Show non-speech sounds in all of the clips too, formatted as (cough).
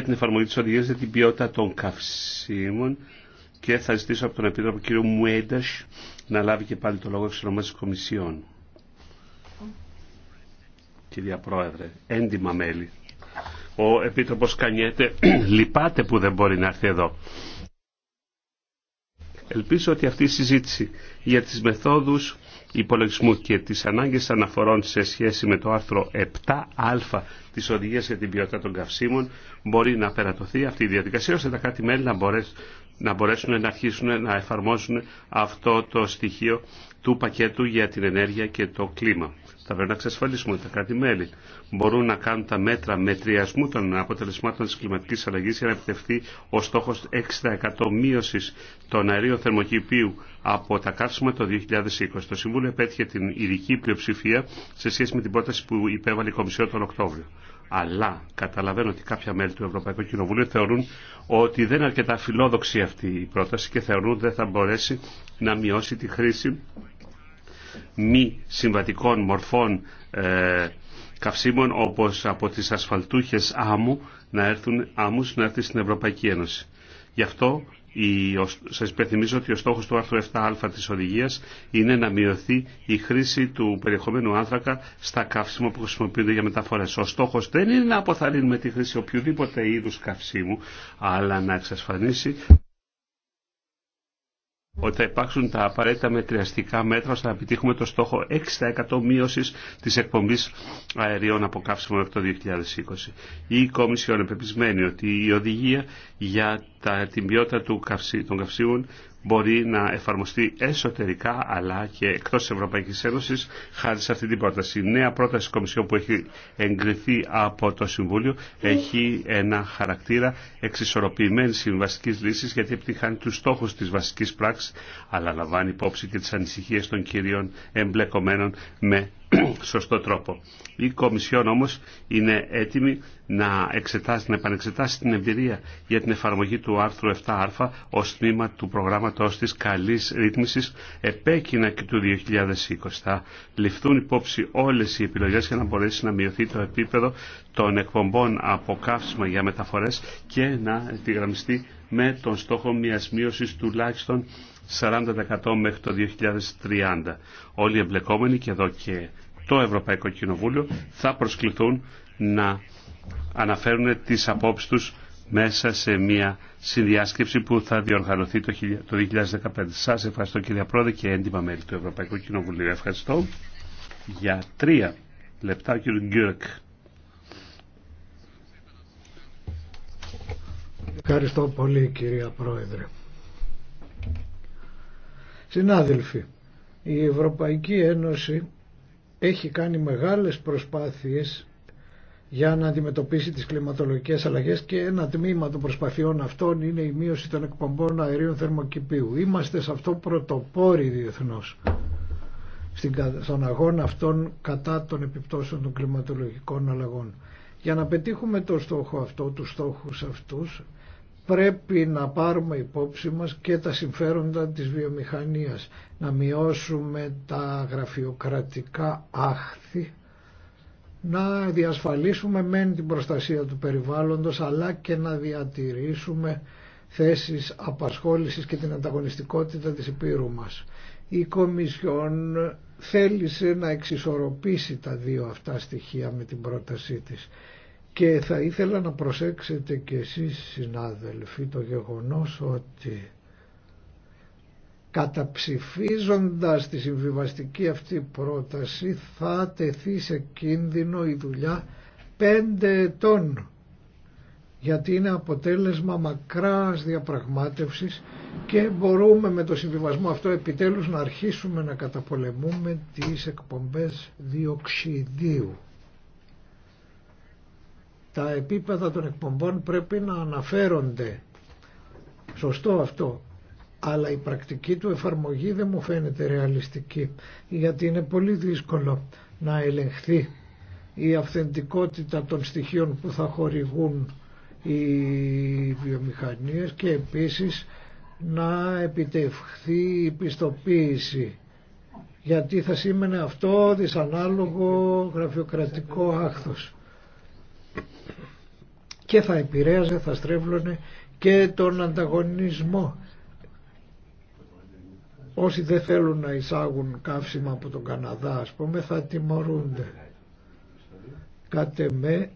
για την εφαρμογή της οδηγίας για την ποιότητα των καυσίμων και θα ζητήσω από τον Επίτροπο κ. Μουέντας να λάβει και πάλι το λόγο εξ ονομάς Κομισιόν. Κυρία Πρόεδρε, έντιμα μέλη. Ο Επίτροπος Κανιέται (clears throat) λυπάται που δεν μπορεί να έρθει εδώ. Ελπίζω ότι αυτή η συζήτηση για τις μεθόδους υπολογισμού και τις ανάγκες αναφορών σε σχέση με το άρθρο 7α της οδηγίας για την ποιότητα των καυσίμων μπορεί να περατωθεί αυτή η διαδικασία ώστε τα κράτη-μέλη να μπορέσουν να μπορέσουν να αρχίσουν να εφαρμόσουν αυτό το στοιχείο του πακέτου για την ενέργεια και το κλίμα. Θα πρέπει να εξασφαλίσουμε ότι τα κράτη-μέλη μπορούν να κάνουν τα μέτρα μετριασμού των αποτελεσμάτων τη κλιματική αλλαγή για να επιτευχθεί ο στόχο 6% μείωση των αερίων θερμοκηπίου από τα καύσιμα το 2020. Το Συμβούλιο επέτυχε την ειδική πλειοψηφία σε σχέση με την πρόταση που υπέβαλε η Κομισιόν τον Οκτώβριο. Αλλά καταλαβαίνω ότι κάποια μέλη του Ευρωπαϊκού Κοινοβουλίου θεωρούν ότι δεν είναι αρκετά φιλόδοξη αυτή η πρόταση και θεωρούν ότι δεν θα μπορέσει να μειώσει τη χρήση μη συμβατικών μορφών ε, καυσίμων όπως από τις ασφαλτούχες άμμου να έρθουν, άμμους να έρθει στην Ευρωπαϊκή Ένωση. Γι' αυτό η, σας υπενθυμίζω ότι ο στόχος του άρθρου 7α της οδηγίας είναι να μειωθεί η χρήση του περιεχομένου άνθρακα στα καύσιμα που χρησιμοποιούνται για μεταφορές. Ο στόχος δεν είναι να αποθαρρύνουμε τη χρήση οποιοδήποτε είδους καυσίμου, αλλά να εξασφανίσει ότι θα υπάρξουν τα απαραίτητα μετριαστικά μέτρα ώστε να επιτύχουμε το στόχο 6% μείωσης της εκπομπής αερίων από καύσιμο από το 2020. Η Κομισιόν επεπισμένη ότι η οδηγία για τα, την ποιότητα του καυσί, των καυσίων μπορεί να εφαρμοστεί εσωτερικά αλλά και εκτός της Ευρωπαϊκής Ένωσης χάρη σε αυτή την πρόταση. Η νέα πρόταση της Κομισιόν που έχει εγκριθεί από το Συμβούλιο έχει ένα χαρακτήρα εξισορροπημένης συμβαστικής λύσης γιατί επιτυχάνει τους στόχους της βασικής πράξης αλλά λαμβάνει υπόψη και τις ανησυχίες των κυρίων εμπλεκομένων με σωστό τρόπο. Η Κομισιόν όμως είναι έτοιμη να, εξετάσει, να επανεξετάσει την εμπειρία για την εφαρμογή του άρθρου 7α ως τμήμα του προγράμματος της καλής ρύθμισης επέκεινα και του 2020. Θα ληφθούν υπόψη όλες οι επιλογές για να μπορέσει να μειωθεί το επίπεδο των εκπομπών από καύσιμα για μεταφορές και να επιγραμμιστεί με τον στόχο μιας μείωσης τουλάχιστον 40% μέχρι το 2030. Όλοι οι εμπλεκόμενοι και εδώ και το Ευρωπαϊκό Κοινοβούλιο θα προσκληθούν να αναφέρουν τις απόψεις τους μέσα σε μια συνδιάσκεψη που θα διοργανωθεί το 2015. Σας ευχαριστώ κυρία Πρόεδρε και έντιμα μέλη του Ευρωπαϊκού Κοινοβουλίου. Ευχαριστώ για τρία λεπτά κύριε Γκύρκ. Ευχαριστώ πολύ κύριε Πρόεδρε. Συνάδελφοι, η Ευρωπαϊκή Ένωση έχει κάνει μεγάλες προσπάθειες για να αντιμετωπίσει τις κλιματολογικές αλλαγές και ένα τμήμα των προσπαθειών αυτών είναι η μείωση των εκπομπών αερίων θερμοκηπίου. Είμαστε σε αυτό πρωτοπόροι διεθνώς στον αγώνα αυτών κατά των επιπτώσεων των κλιματολογικών αλλαγών. Για να πετύχουμε το στόχο αυτό, τους στόχους αυτούς, πρέπει να πάρουμε υπόψη μας και τα συμφέροντα της βιομηχανίας, να μειώσουμε τα γραφειοκρατικά άχθη, να διασφαλίσουμε μεν την προστασία του περιβάλλοντος αλλά και να διατηρήσουμε θέσεις απασχόλησης και την ανταγωνιστικότητα της υπήρου μας. Η Κομισιόν θέλησε να εξισορροπήσει τα δύο αυτά στοιχεία με την πρότασή της και θα ήθελα να προσέξετε και εσείς συνάδελφοι το γεγονός ότι καταψηφίζοντας τη συμβιβαστική αυτή πρόταση θα τεθεί σε κίνδυνο η δουλειά πέντε ετών γιατί είναι αποτέλεσμα μακράς διαπραγμάτευσης και μπορούμε με το συμβιβασμό αυτό επιτέλους να αρχίσουμε να καταπολεμούμε τις εκπομπές διοξιδίου τα επίπεδα των εκπομπών πρέπει να αναφέρονται. Σωστό αυτό. Αλλά η πρακτική του εφαρμογή δεν μου φαίνεται ρεαλιστική γιατί είναι πολύ δύσκολο να ελεγχθεί η αυθεντικότητα των στοιχείων που θα χορηγούν οι βιομηχανίες και επίσης να επιτευχθεί η πιστοποίηση γιατί θα σήμαινε αυτό δυσανάλογο γραφειοκρατικό άχθος και θα επηρέαζε, θα στρέβλωνε και τον ανταγωνισμό. Όσοι δεν θέλουν να εισάγουν καύσιμα από τον Καναδά, ας πούμε, θα τιμωρούνται. Κάτε με,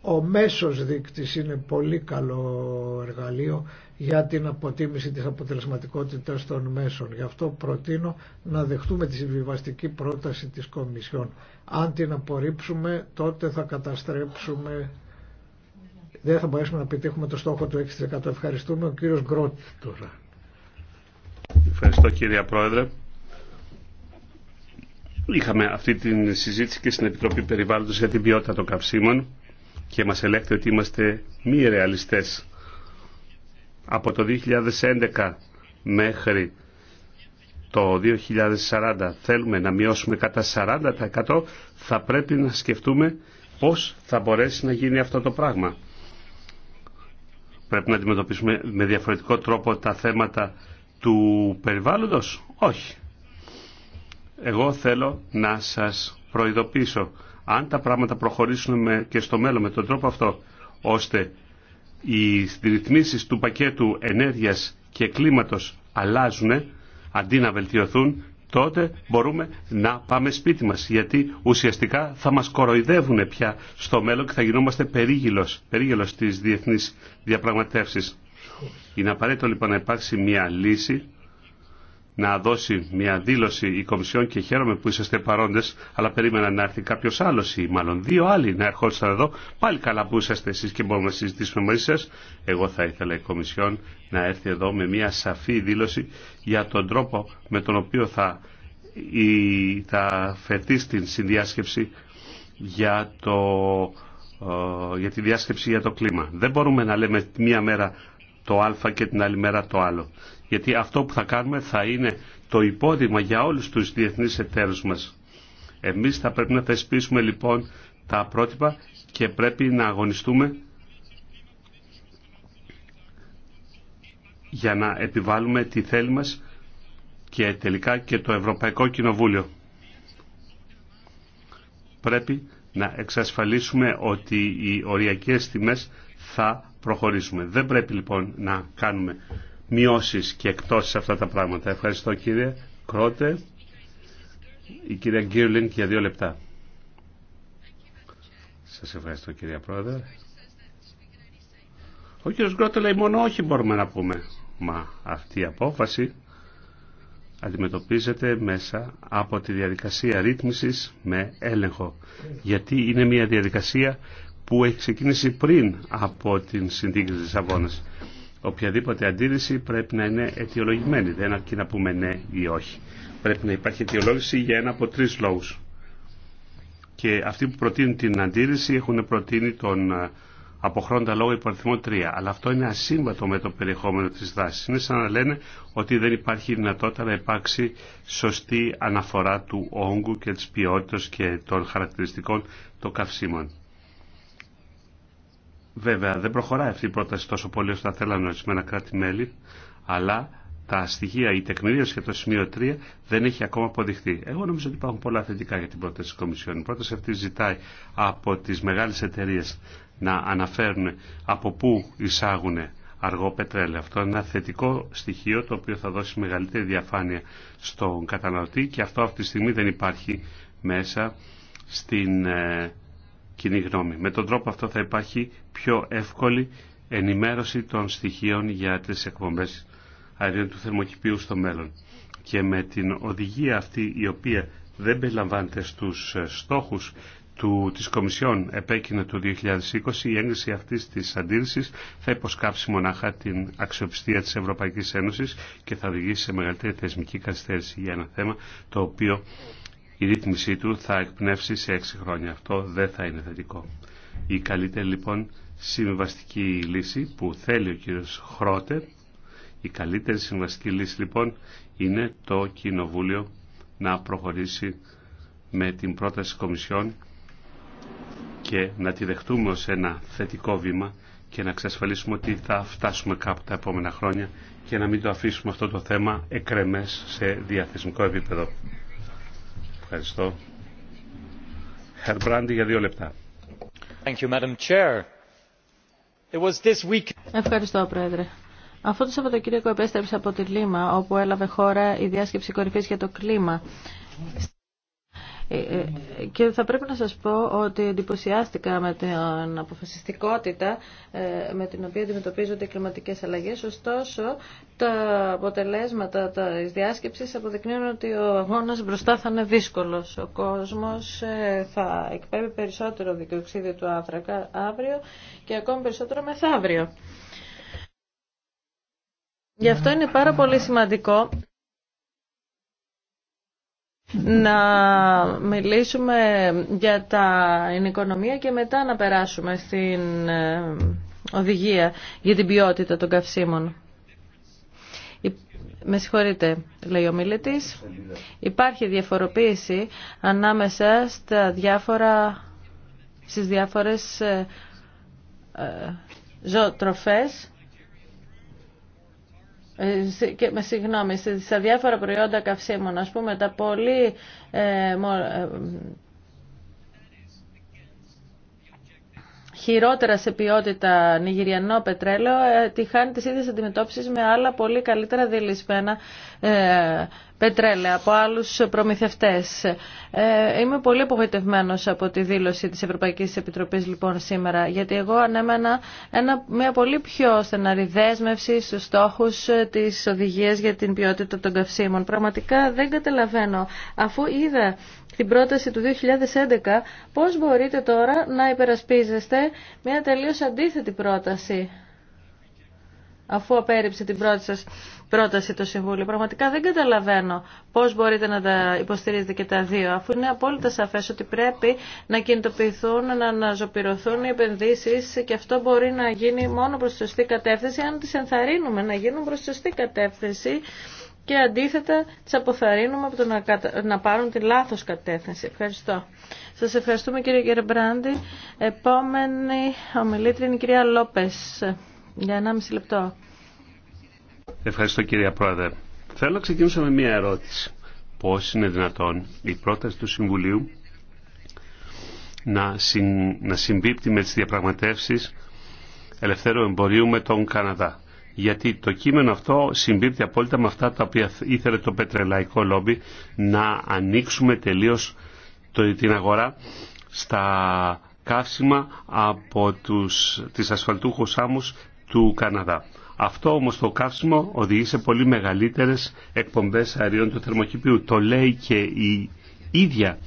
ο μέσος δείκτης είναι πολύ καλό εργαλείο για την αποτίμηση της αποτελεσματικότητας των μέσων. Γι' αυτό προτείνω να δεχτούμε τη συμβιβαστική πρόταση της Κομισιόν. Αν την απορρίψουμε τότε θα καταστρέψουμε δεν θα μπορέσουμε να πετύχουμε το στόχο του 6%. Ευχαριστούμε ο κύριος Γκρότ τώρα. Ευχαριστώ κύριε Πρόεδρε. Είχαμε αυτή τη συζήτηση και στην Επιτροπή Περιβάλλοντος για την ποιότητα των καυσίμων και μας ελέγχεται ότι είμαστε μη ρεαλιστές. Από το 2011 μέχρι το 2040 θέλουμε να μειώσουμε κατά 40% θα πρέπει να σκεφτούμε πώς θα μπορέσει να γίνει αυτό το πράγμα πρέπει να αντιμετωπίσουμε με διαφορετικό τρόπο τα θέματα του περιβάλλοντος. Όχι. Εγώ θέλω να σας προειδοποιήσω. Αν τα πράγματα προχωρήσουν και στο μέλλον με τον τρόπο αυτό, ώστε οι ρυθμίσει του πακέτου ενέργειας και κλίματος αλλάζουν, αντί να βελτιωθούν, τότε μπορούμε να πάμε σπίτι μας, γιατί ουσιαστικά θα μας κοροϊδεύουν πια στο μέλλον και θα γινόμαστε περίγυλος, περίγυλος της διεθνής διαπραγματεύσεις. Είναι απαραίτητο λοιπόν να υπάρξει μια λύση να δώσει μια δήλωση η Κομισιόν και χαίρομαι που είσαστε παρόντες, αλλά περίμενα να έρθει κάποιος άλλος ή μάλλον δύο άλλοι να ερχόντουσαν εδώ. Πάλι καλά που είσαστε εσείς και μπορούμε να συζητήσουμε μαζί σας. Εγώ θα ήθελα η Κομισιόν να έρθει εδώ με μια σαφή δήλωση για τον τρόπο με τον οποίο θα, η, θα φερθεί στην συνδιάσκεψη για το ε, για τη διάσκεψη για το κλίμα. Δεν μπορούμε να λέμε μία μέρα το α και την άλλη μέρα το άλλο γιατί αυτό που θα κάνουμε θα είναι το υπόδειγμα για όλους τους διεθνείς εταίρους μας. Εμείς θα πρέπει να θεσπίσουμε λοιπόν τα πρότυπα και πρέπει να αγωνιστούμε για να επιβάλλουμε τη θέλη μας και τελικά και το Ευρωπαϊκό Κοινοβούλιο. Πρέπει να εξασφαλίσουμε ότι οι οριακές τιμές θα προχωρήσουμε. Δεν πρέπει λοιπόν να κάνουμε μειώσεις και εκτός σε αυτά τα πράγματα. Ευχαριστώ κύριε Κρότε. Η κυρία Γκίρλιν για δύο λεπτά. Σας ευχαριστώ κυρία Πρόεδρε. Ο κύριος Γκρότε λέει μόνο όχι μπορούμε να πούμε. Μα αυτή η απόφαση αντιμετωπίζεται μέσα από τη διαδικασία ρύθμισης με έλεγχο. Γιατί είναι μια διαδικασία που έχει ξεκινήσει πριν από την συνθήκη της Λισαβόνας οποιαδήποτε αντίρρηση πρέπει να είναι αιτιολογημένη. Δεν αρκεί να πούμε ναι ή όχι. Πρέπει να υπάρχει αιτιολόγηση για ένα από τρει λόγου. Και αυτοί που προτείνουν την αντίρρηση έχουν προτείνει τον ε, αποχρόντα λόγο υποαριθμό 3. Αλλά αυτό είναι ασύμβατο με το περιεχόμενο τη δράση. Είναι σαν να λένε ότι δεν υπάρχει δυνατότητα να υπάρξει σωστή αναφορά του όγκου και τη ποιότητα και των χαρακτηριστικών των καυσίμων. Βέβαια, δεν προχωράει αυτή η πρόταση τόσο πολύ όσο θα θέλανε ορισμένα κράτη-μέλη, αλλά τα στοιχεία, η τεκμηρίωση για το σημείο 3 δεν έχει ακόμα αποδειχθεί. Εγώ νομίζω ότι υπάρχουν πολλά θετικά για την πρόταση τη Κομισιόν. Η πρόταση αυτή ζητάει από τι μεγάλε εταιρείε να αναφέρουν από πού εισάγουν αργό πετρέλαιο. Αυτό είναι ένα θετικό στοιχείο το οποίο θα δώσει μεγαλύτερη διαφάνεια στον καταναλωτή και αυτό αυτή τη στιγμή δεν υπάρχει μέσα στην ε, κοινή γνώμη. Με τον τρόπο αυτό θα υπάρχει πιο εύκολη ενημέρωση των στοιχείων για τις εκπομπές αερίων του θερμοκηπίου στο μέλλον. Και με την οδηγία αυτή η οποία δεν περιλαμβάνεται στους ε, στόχους του, της Κομισιόν επέκεινα του 2020 η έγκριση αυτής της αντίρρησης θα υποσκάψει μονάχα την αξιοπιστία της Ευρωπαϊκής Ένωσης και θα οδηγήσει σε μεγαλύτερη θεσμική καθυστέρηση για ένα θέμα το οποίο η ρύθμισή του θα εκπνεύσει σε έξι χρόνια. Αυτό δεν θα είναι θετικό. Η καλύτερη λοιπόν συμβαστική λύση που θέλει ο κύριος Χρότε, η καλύτερη συμβαστική λύση λοιπόν είναι το Κοινοβούλιο να προχωρήσει με την πρόταση Κομισιόν και να τη δεχτούμε ως ένα θετικό βήμα και να εξασφαλίσουμε ότι θα φτάσουμε κάπου τα επόμενα χρόνια και να μην το αφήσουμε αυτό το θέμα εκρεμές σε διαθεσμικό επίπεδο. Ευχαριστώ. Χερμπράντι για δύο λεπτά. Thank you, Madam Chair. It was this week... Ευχαριστώ, Πρόεδρε. Αυτό το Σαββατοκύριακο επέστρεψα από τη Λίμα, όπου έλαβε χώρα η διάσκεψη κορυφής για το κλίμα. Ε, ε, και θα πρέπει να σας πω ότι εντυπωσιάστηκα με την αποφασιστικότητα ε, με την οποία αντιμετωπίζονται οι κλιματικές αλλαγές. Ωστόσο, τα αποτελέσματα τη διάσκεψη αποδεικνύουν ότι ο αγώνας μπροστά θα είναι δύσκολος. Ο κόσμος θα εκπέμπει περισσότερο διοξείδιο του άνθρακα αύριο και ακόμη περισσότερο μεθαύριο. Γι' αυτό είναι πάρα πολύ σημαντικό να μιλήσουμε για τα οικονομία και μετά να περάσουμε στην ε, οδηγία για την ποιότητα των καυσίμων. Με συγχωρείτε, λέει ο μιλητής. Υπάρχει διαφοροποίηση ανάμεσα στα διάφορα, στις διάφορες ε, ε, ζωοτροφές ε, και με συγγνώμη, σε διάφορα προϊόντα καυσίμων, ας πούμε τα πολύ ε, μο, ε, χειρότερα σε ποιότητα νιγηριανό πετρέλαιο ε, τη χάνει τις ίδιες αντιμετώπισης με άλλα πολύ καλύτερα διελισμένα ε, πετρέλαια από άλλους προμηθευτές. Ε, είμαι πολύ απογοητευμένος από τη δήλωση της Ευρωπαϊκής Επιτροπής λοιπόν σήμερα, γιατί εγώ ανέμενα ένα, μια πολύ πιο στεναρή δέσμευση στους στόχους της οδηγίας για την ποιότητα των καυσίμων. Πραγματικά δεν καταλαβαίνω, αφού είδα την πρόταση του 2011, πώς μπορείτε τώρα να υπερασπίζεστε μια τελείως αντίθετη πρόταση αφού απέρριψε την πρώτη σας πρόταση το Συμβούλιο. Πραγματικά δεν καταλαβαίνω πώς μπορείτε να τα υποστηρίζετε και τα δύο, αφού είναι απόλυτα σαφές ότι πρέπει να κινητοποιηθούν, να αναζωπηρωθούν οι επενδύσεις και αυτό μπορεί να γίνει μόνο προς τη σωστή κατεύθυνση, αν τις ενθαρρύνουμε να γίνουν προς τη σωστή κατεύθυνση και αντίθετα τις αποθαρρύνουμε από το να, να πάρουν τη λάθος κατεύθυνση. Ευχαριστώ. Σας ευχαριστούμε κύριε Γερμπράντη. Επόμενη ομιλήτρια είναι η κυρία Λόπες για 1,5 λεπτό. Ευχαριστώ κυρία Πρόεδρε. Θέλω να ξεκινήσω με μία ερώτηση. Πώς είναι δυνατόν η πρόταση του Συμβουλίου να, να συμπίπτει με τις διαπραγματεύσεις ελευθέρω εμπορίου με τον Καναδά γιατί το κείμενο αυτό συμπίπτει απόλυτα με αυτά τα οποία ήθελε το πετρελαϊκό λόμπι να ανοίξουμε τελείως την αγορά στα καύσιμα από τους, τις ασφαλτούχους άμμους του Καναδά. Αυτό όμως το καύσιμο οδηγεί σε πολύ μεγαλύτερες εκπομπές αερίων του θερμοκηπίου. Το λέει και η ίδια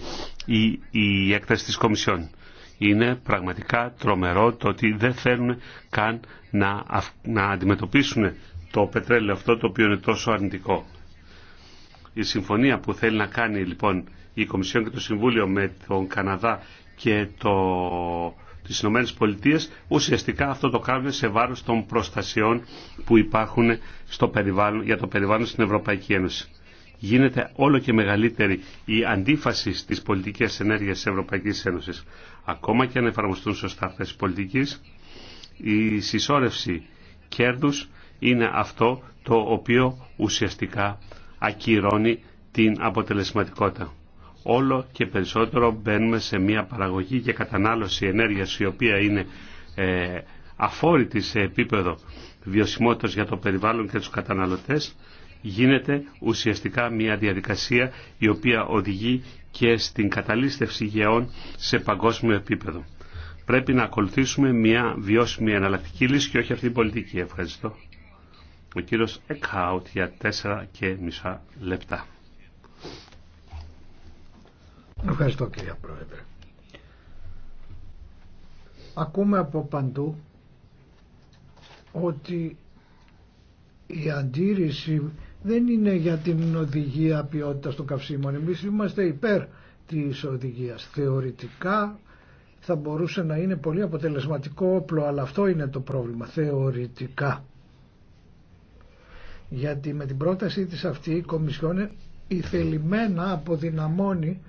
η, η έκταση της Κομισιόν είναι πραγματικά τρομερό το ότι δεν θέλουν καν να, να αντιμετωπίσουν το πετρέλαιο αυτό το οποίο είναι τόσο αρνητικό. Η συμφωνία που θέλει να κάνει λοιπόν η Κομισιόν και το Συμβούλιο με τον Καναδά και το, τις Ηνωμένες Πολιτείες ουσιαστικά αυτό το κάνουν σε βάρος των προστασιών που υπάρχουν στο περιβάλλον, για το περιβάλλον στην Ευρωπαϊκή Ένωση. Γίνεται όλο και μεγαλύτερη η αντίφαση στις πολιτικές ενέργειες της Ευρωπαϊκής Ένωσης. Ακόμα και αν εφαρμοστούν σωστά αυτέ πολιτική, η συσσόρευση κέρδους είναι αυτό το οποίο ουσιαστικά ακυρώνει την αποτελεσματικότητα. Όλο και περισσότερο μπαίνουμε σε μια παραγωγή και κατανάλωση ενέργειας η οποία είναι ε, αφόρητη σε επίπεδο βιωσιμότητας για το περιβάλλον και τους καταναλωτές γίνεται ουσιαστικά μια διαδικασία η οποία οδηγεί και στην καταλήστευση γεών σε παγκόσμιο επίπεδο. Πρέπει να ακολουθήσουμε μια βιώσιμη εναλλακτική λύση και όχι αυτή η πολιτική. Ευχαριστώ. Ο κύριος Εκχάουτ για τέσσερα και μισά λεπτά. Ευχαριστώ κύριε Πρόεδρε. Ακούμε από παντού ότι η αντίρρηση δεν είναι για την οδηγία ποιότητα των καυσίμων. Εμείς είμαστε υπέρ της οδηγίας. Θεωρητικά θα μπορούσε να είναι πολύ αποτελεσματικό όπλο, αλλά αυτό είναι το πρόβλημα, θεωρητικά. Γιατί με την πρότασή της αυτή η Κομισιόν ηθελημένα αποδυναμώνει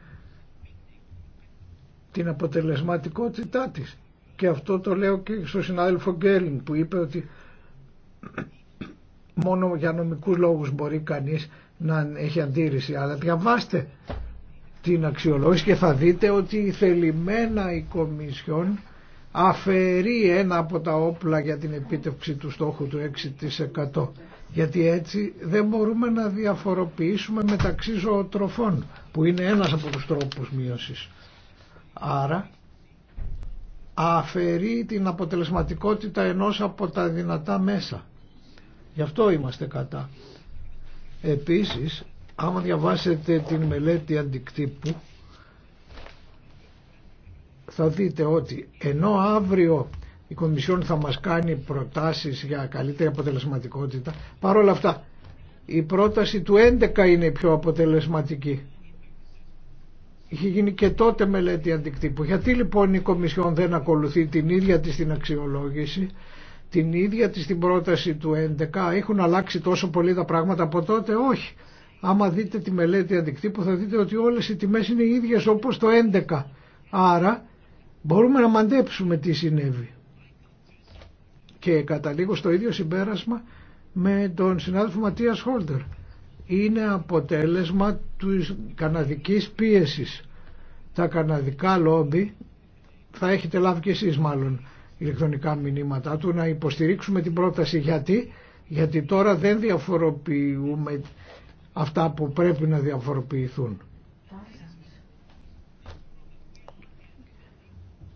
την αποτελεσματικότητά της. Και αυτό το λέω και στον συνάδελφο Γκέλιν που είπε ότι μόνο για νομικούς λόγους μπορεί κανείς να έχει αντίρρηση. Αλλά διαβάστε την αξιολόγηση και θα δείτε ότι η θελημένα η Κομισιόν αφαιρεί ένα από τα όπλα για την επίτευξη του στόχου του 6%. Γιατί έτσι δεν μπορούμε να διαφοροποιήσουμε μεταξύ ζωοτροφών που είναι ένας από τους τρόπους μείωσης. Άρα αφαιρεί την αποτελεσματικότητα ενός από τα δυνατά μέσα. Γι' αυτό είμαστε κατά. Επίσης, άμα διαβάσετε την μελέτη αντικτύπου, θα δείτε ότι ενώ αύριο η Κομισιόν θα μας κάνει προτάσεις για καλύτερη αποτελεσματικότητα, παρόλα αυτά η πρόταση του 11 είναι η πιο αποτελεσματική. Είχε γίνει και τότε μελέτη αντικτύπου. Γιατί λοιπόν η Κομισιόν δεν ακολουθεί την ίδια της την αξιολόγηση την ίδια της την πρόταση του 11 έχουν αλλάξει τόσο πολύ τα πράγματα από τότε όχι άμα δείτε τη μελέτη αντικτύπου θα δείτε ότι όλες οι τιμές είναι οι ίδιες όπως το 11 άρα μπορούμε να μαντέψουμε τι συνέβη και καταλήγω στο ίδιο συμπέρασμα με τον συνάδελφο Ματίας Χόλτερ είναι αποτέλεσμα τη καναδικής πίεσης τα καναδικά λόμπι θα έχετε λάβει κι εσείς μάλλον ηλεκτρονικά μηνύματά του να υποστηρίξουμε την πρόταση γιατί, γιατί τώρα δεν διαφοροποιούμε αυτά που πρέπει να διαφοροποιηθούν.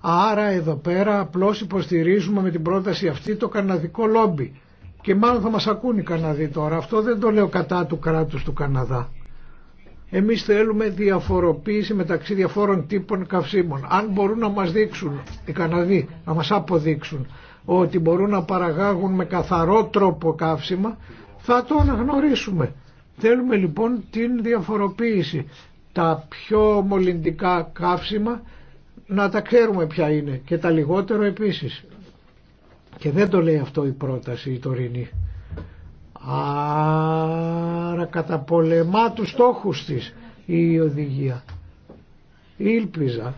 Άρα εδώ πέρα απλώς υποστηρίζουμε με την πρόταση αυτή το καναδικό λόμπι. Και μάλλον θα μας ακούν οι Καναδοί τώρα. Αυτό δεν το λέω κατά του κράτους του Καναδά. Εμείς θέλουμε διαφοροποίηση μεταξύ διαφόρων τύπων καυσίμων. Αν μπορούν να μας δείξουν οι Καναδοί, να μας αποδείξουν ότι μπορούν να παραγάγουν με καθαρό τρόπο καύσιμα, θα το αναγνωρίσουμε. Θέλουμε λοιπόν την διαφοροποίηση. Τα πιο μολυντικά καύσιμα να τα ξέρουμε ποια είναι και τα λιγότερο επίσης. Και δεν το λέει αυτό η πρόταση η τωρινή. Άρα καταπολεμά τους στόχου της η οδηγία. Ήλπιζα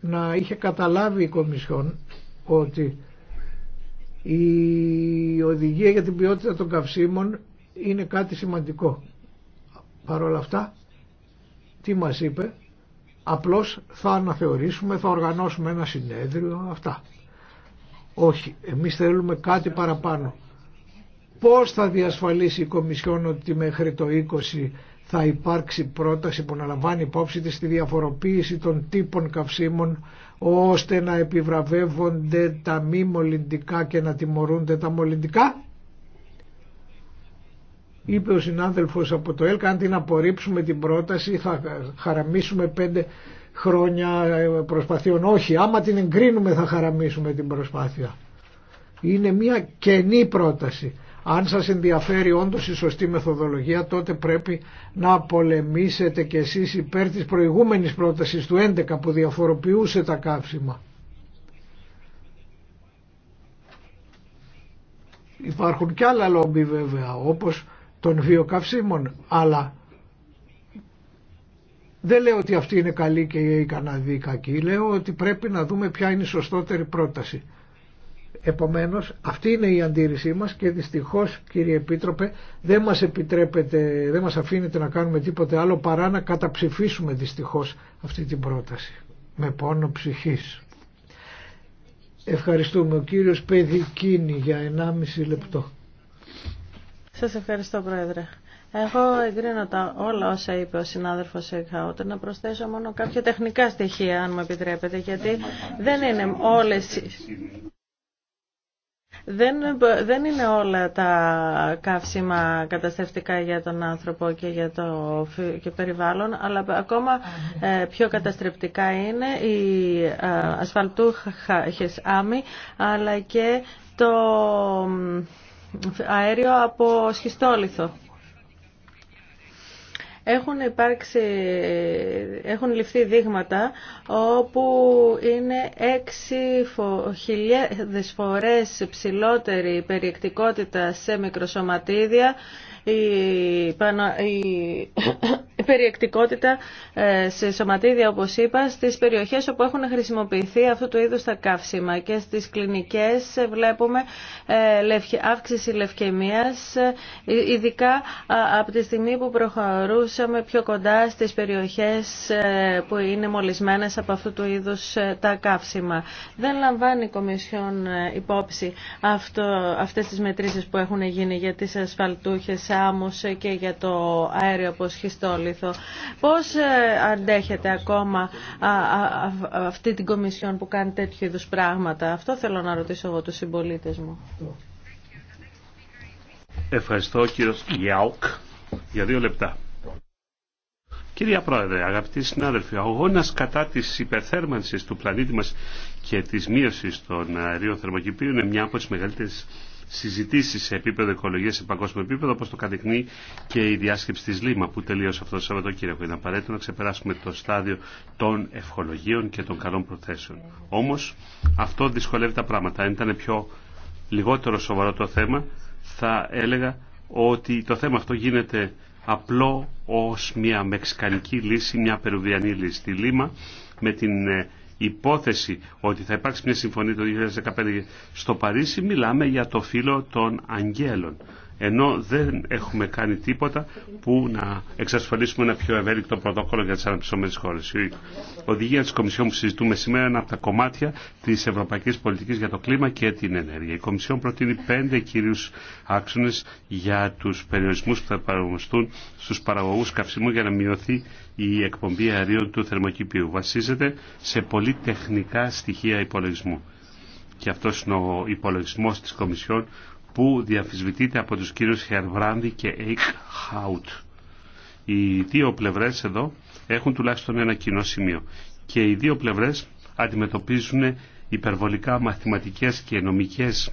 να είχε καταλάβει η Κομισιόν ότι η οδηγία για την ποιότητα των καυσίμων είναι κάτι σημαντικό. Παρ' όλα αυτά, τι μας είπε, απλώς θα αναθεωρήσουμε, θα οργανώσουμε ένα συνέδριο, αυτά. Όχι, εμείς θέλουμε κάτι παραπάνω. Πώς θα διασφαλίσει η Κομισιόν ότι μέχρι το 20 θα υπάρξει πρόταση που να λαμβάνει υπόψη της τη διαφοροποίηση των τύπων καυσίμων ώστε να επιβραβεύονται τα μη μολυντικά και να τιμωρούνται τα μολυντικά. Είπε ο συνάδελφος από το ΕΛΚΑ αν την απορρίψουμε την πρόταση θα χαραμίσουμε πέντε χρόνια προσπαθειών. Όχι, άμα την εγκρίνουμε θα χαραμίσουμε την προσπάθεια. Είναι μια κενή πρόταση. Αν σας ενδιαφέρει όντως η σωστή μεθοδολογία τότε πρέπει να πολεμήσετε κι εσείς υπέρ της προηγούμενης πρότασης του 11 που διαφοροποιούσε τα καύσιμα. Υπάρχουν κι άλλα λόμπι βέβαια όπως των βιοκαυσίμων αλλά δεν λέω ότι αυτή είναι καλή και η Καναδή κακή λέω ότι πρέπει να δούμε ποια είναι η σωστότερη πρόταση. Επομένως αυτή είναι η αντίρρησή μας και δυστυχώς κύριε Επίτροπε δεν μας επιτρέπετε, δεν μας αφήνετε να κάνουμε τίποτε άλλο παρά να καταψηφίσουμε δυστυχώς αυτή την πρόταση με πόνο ψυχής. Ευχαριστούμε. Ο κύριος Παιδικίνη για 1,5 λεπτό. Σας ευχαριστώ Πρόεδρε. Εγώ εγκρίνω τα όλα όσα είπε ο συνάδελφο Εκχαούτ. Να προσθέσω μόνο κάποια τεχνικά στοιχεία, αν μου επιτρέπετε, γιατί δεν είναι όλε. Δεν, δεν είναι όλα τα καύσιμα καταστρεφτικά για τον άνθρωπο και για το και περιβάλλον, αλλά ακόμα ε, πιο καταστρεπτικά είναι η ε, ασφαλτούχες αλλά και το αέριο από σχιστόλιθο. Έχουν, υπάρξει, έχουν ληφθεί δείγματα όπου είναι 6.000 φορές ψηλότερη περιεκτικότητα σε μικροσωματίδια η (coughs) περιεκτικότητα ε, σε σωματίδια, όπως είπα, στις περιοχές όπου έχουν χρησιμοποιηθεί αυτού του είδους τα καύσιμα και στις κλινικές βλέπουμε ε, αύξηση λευκαιμίας, ε, ειδικά από τη στιγμή που προχωρούσαμε πιο κοντά στις περιοχές που είναι μολυσμένες από αυτού του είδους τα καύσιμα. Δεν λαμβάνει η Κομισιόν υπόψη αυτό, αυτές τις μετρήσεις που έχουν γίνει για τις ασφαλτούχες και για το αέριο από σχιστόλιθο. Πώς ε, αντέχετε ακόμα αυτή την Κομισιόν που κάνει τέτοιου είδους πράγματα. Αυτό θέλω να ρωτήσω εγώ τους συμπολίτε μου. Ευχαριστώ κύριος Γιάουκ για δύο λεπτά. Κυρία Πρόεδρε, αγαπητοί συνάδελφοι, ο αγώνας κατά της υπερθέρμανσης του πλανήτη μας και της μείωση των αερίων θερμοκηπίου είναι μια από τι μεγαλύτερε συζητήσει σε επίπεδο οικολογία σε παγκόσμιο επίπεδο, όπω το κατεχνεί και η διάσκεψη τη Λίμα που τελείωσε αυτό το Σαββατοκύριακο. Είναι απαραίτητο να ξεπεράσουμε το στάδιο των ευχολογίων και των καλών προθέσεων. Όμω αυτό δυσκολεύει τα πράγματα. Αν ήταν πιο λιγότερο σοβαρό το θέμα, θα έλεγα ότι το θέμα αυτό γίνεται απλό ως μια μεξικανική λύση, μια περουβιανή λύση. Στη Λίμα με την ε, υπόθεση ότι θα υπάρξει μια συμφωνία το 2015 στο Παρίσι, μιλάμε για το φύλλο των αγγέλων. Ενώ δεν έχουμε κάνει τίποτα που να εξασφαλίσουμε ένα πιο ευέλικτο πρωτόκολλο για τι αναπτυσσόμενες χώρε. Η οδηγία της Κομισιόν που συζητούμε σήμερα είναι από τα κομμάτια της ευρωπαϊκής πολιτικής για το κλίμα και την ενέργεια. Η Κομισιόν προτείνει πέντε κυρίους άξονες για τους περιορισμούς που θα παραγωγιστούν στους παραγωγούς καυσίμου για να μειωθεί η εκπομπή αερίων του θερμοκηπίου. Βασίζεται σε πολύ τεχνικά στοιχεία υπολογισμού. Και αυτό είναι ο υπολογισμό της Κομισιόν που διαφυσβητείται από τους κύριους Χερβράνδη και Εικ Χάουτ. Οι δύο πλευρές εδώ έχουν τουλάχιστον ένα κοινό σημείο. Και οι δύο πλευρές αντιμετωπίζουν υπερβολικά μαθηματικές και νομικές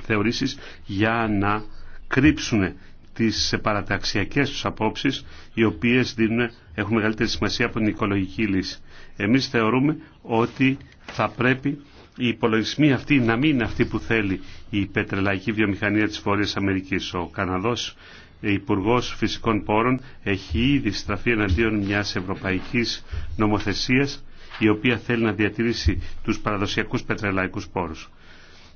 θεωρήσεις για να κρύψουν τις παραταξιακές τους απόψεις, οι οποίες δίνουν, έχουν μεγαλύτερη σημασία από την οικολογική λύση. Εμείς θεωρούμε ότι θα πρέπει η υπολογισμοί αυτή να μην είναι αυτοί που θέλει η πετρελαϊκή βιομηχανία της Βόρειας Αμερικής. Ο Καναδός Υπουργό Φυσικών Πόρων έχει ήδη στραφεί εναντίον μιας ευρωπαϊκής νομοθεσίας η οποία θέλει να διατηρήσει τους παραδοσιακούς πετρελαϊκούς πόρους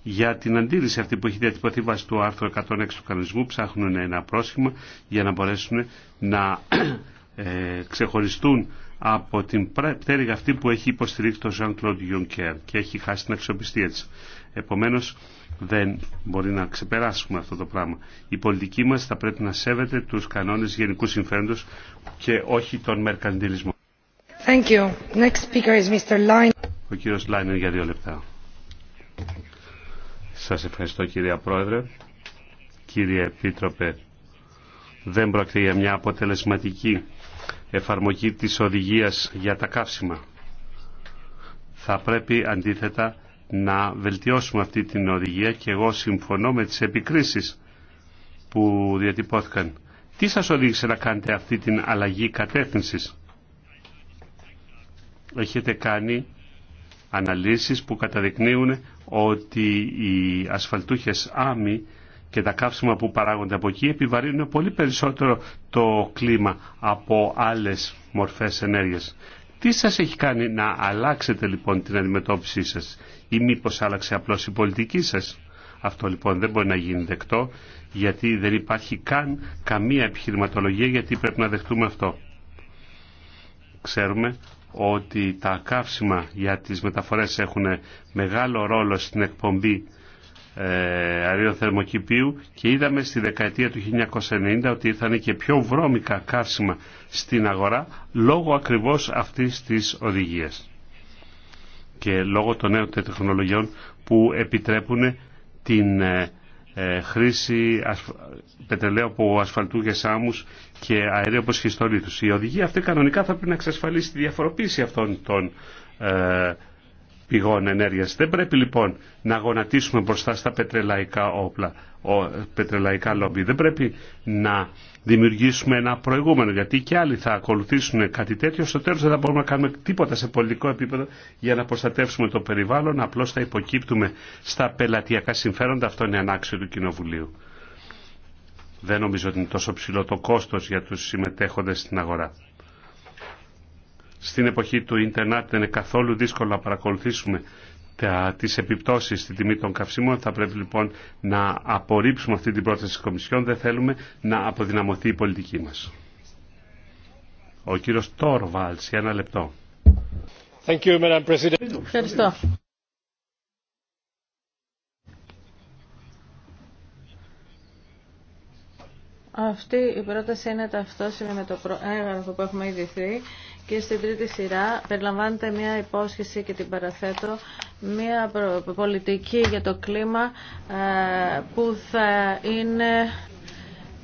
για την αντίληση αυτή που έχει διατυπωθεί βάσει του άρθρου 106 του κανονισμού ψάχνουν ένα πρόσχημα για να μπορέσουν να (clears throat) ε, ξεχωριστούν από την πτέρυγα αυτή που έχει υποστηρίξει το Jean-Claude Juncker και έχει χάσει την αξιοπιστία της. Επομένως δεν μπορεί να ξεπεράσουμε αυτό το πράγμα. Η πολιτική μας θα πρέπει να σέβεται τους κανόνες γενικού συμφέροντος και όχι τον μερκαντιλισμό. Ο για δύο λεπτά. Σας ευχαριστώ κυρία Πρόεδρε. Κύριε Επίτροπε, δεν πρόκειται για μια αποτελεσματική εφαρμογή της οδηγίας για τα καύσιμα. Θα πρέπει αντίθετα να βελτιώσουμε αυτή την οδηγία και εγώ συμφωνώ με τις επικρίσεις που διατυπώθηκαν. Τι σας οδήγησε να κάνετε αυτή την αλλαγή κατεύθυνσης. Έχετε κάνει αναλύσεις που καταδεικνύουν ότι οι ασφαλτούχες άμοι και τα καύσιμα που παράγονται από εκεί επιβαρύνουν πολύ περισσότερο το κλίμα από άλλες μορφές ενέργειας. Τι σας έχει κάνει να αλλάξετε λοιπόν την αντιμετώπιση σας ή μήπως άλλαξε απλώς η πολιτική σας. Αυτό λοιπόν δεν μπορεί να γίνει δεκτό γιατί δεν υπάρχει καν καμία επιχειρηματολογία γιατί πρέπει να δεχτούμε αυτό. Ξέρουμε ότι τα καύσιμα για τις μεταφορές έχουν μεγάλο ρόλο στην εκπομπή ε, αερίων θερμοκηπίου και είδαμε στη δεκαετία του 1990 ότι ήρθαν και πιο βρώμικα καύσιμα στην αγορά λόγω ακριβώς αυτής της οδηγίας και λόγω των νέων τεχνολογιών που επιτρέπουν την ε, ε, χρήση πετρελαίου από ασφαλτού για σάμους και αερίου από τους. Η οδηγία αυτή κανονικά θα πρέπει να εξασφαλίσει τη διαφοροποίηση αυτών των ε, πηγών ενέργειας. Δεν πρέπει λοιπόν να γονατίσουμε μπροστά στα πετρελαϊκά όπλα, ο, πετρελαϊκά λόμπι. Δεν πρέπει να δημιουργήσουμε ένα προηγούμενο. Γιατί και άλλοι θα ακολουθήσουν κάτι τέτοιο. Στο τέλο δεν θα μπορούμε να κάνουμε τίποτα σε πολιτικό επίπεδο για να προστατεύσουμε το περιβάλλον. Απλώ θα υποκύπτουμε στα πελατειακά συμφέροντα. Αυτό είναι ανάξιο του Κοινοβουλίου. Δεν νομίζω ότι είναι τόσο ψηλό το κόστο για του συμμετέχοντε στην αγορά. Στην εποχή του ίντερνετ δεν είναι καθόλου δύσκολο να παρακολουθήσουμε τις επιπτώσεις στη τιμή των καυσίμων. Θα πρέπει λοιπόν να απορρίψουμε αυτή την πρόταση της Κομισιόν. Δεν θέλουμε να αποδυναμωθεί η πολιτική μας. Ο κύριος Τόρβαλς, για ένα λεπτό. Ευχαριστώ. Αυτή η πρόταση είναι ταυτόσιμη με το έγγραφο που έχουμε ειδηθεί και στην τρίτη σειρά περιλαμβάνεται μια υπόσχεση και την παραθέτω μια πολιτική για το κλίμα ε, που θα είναι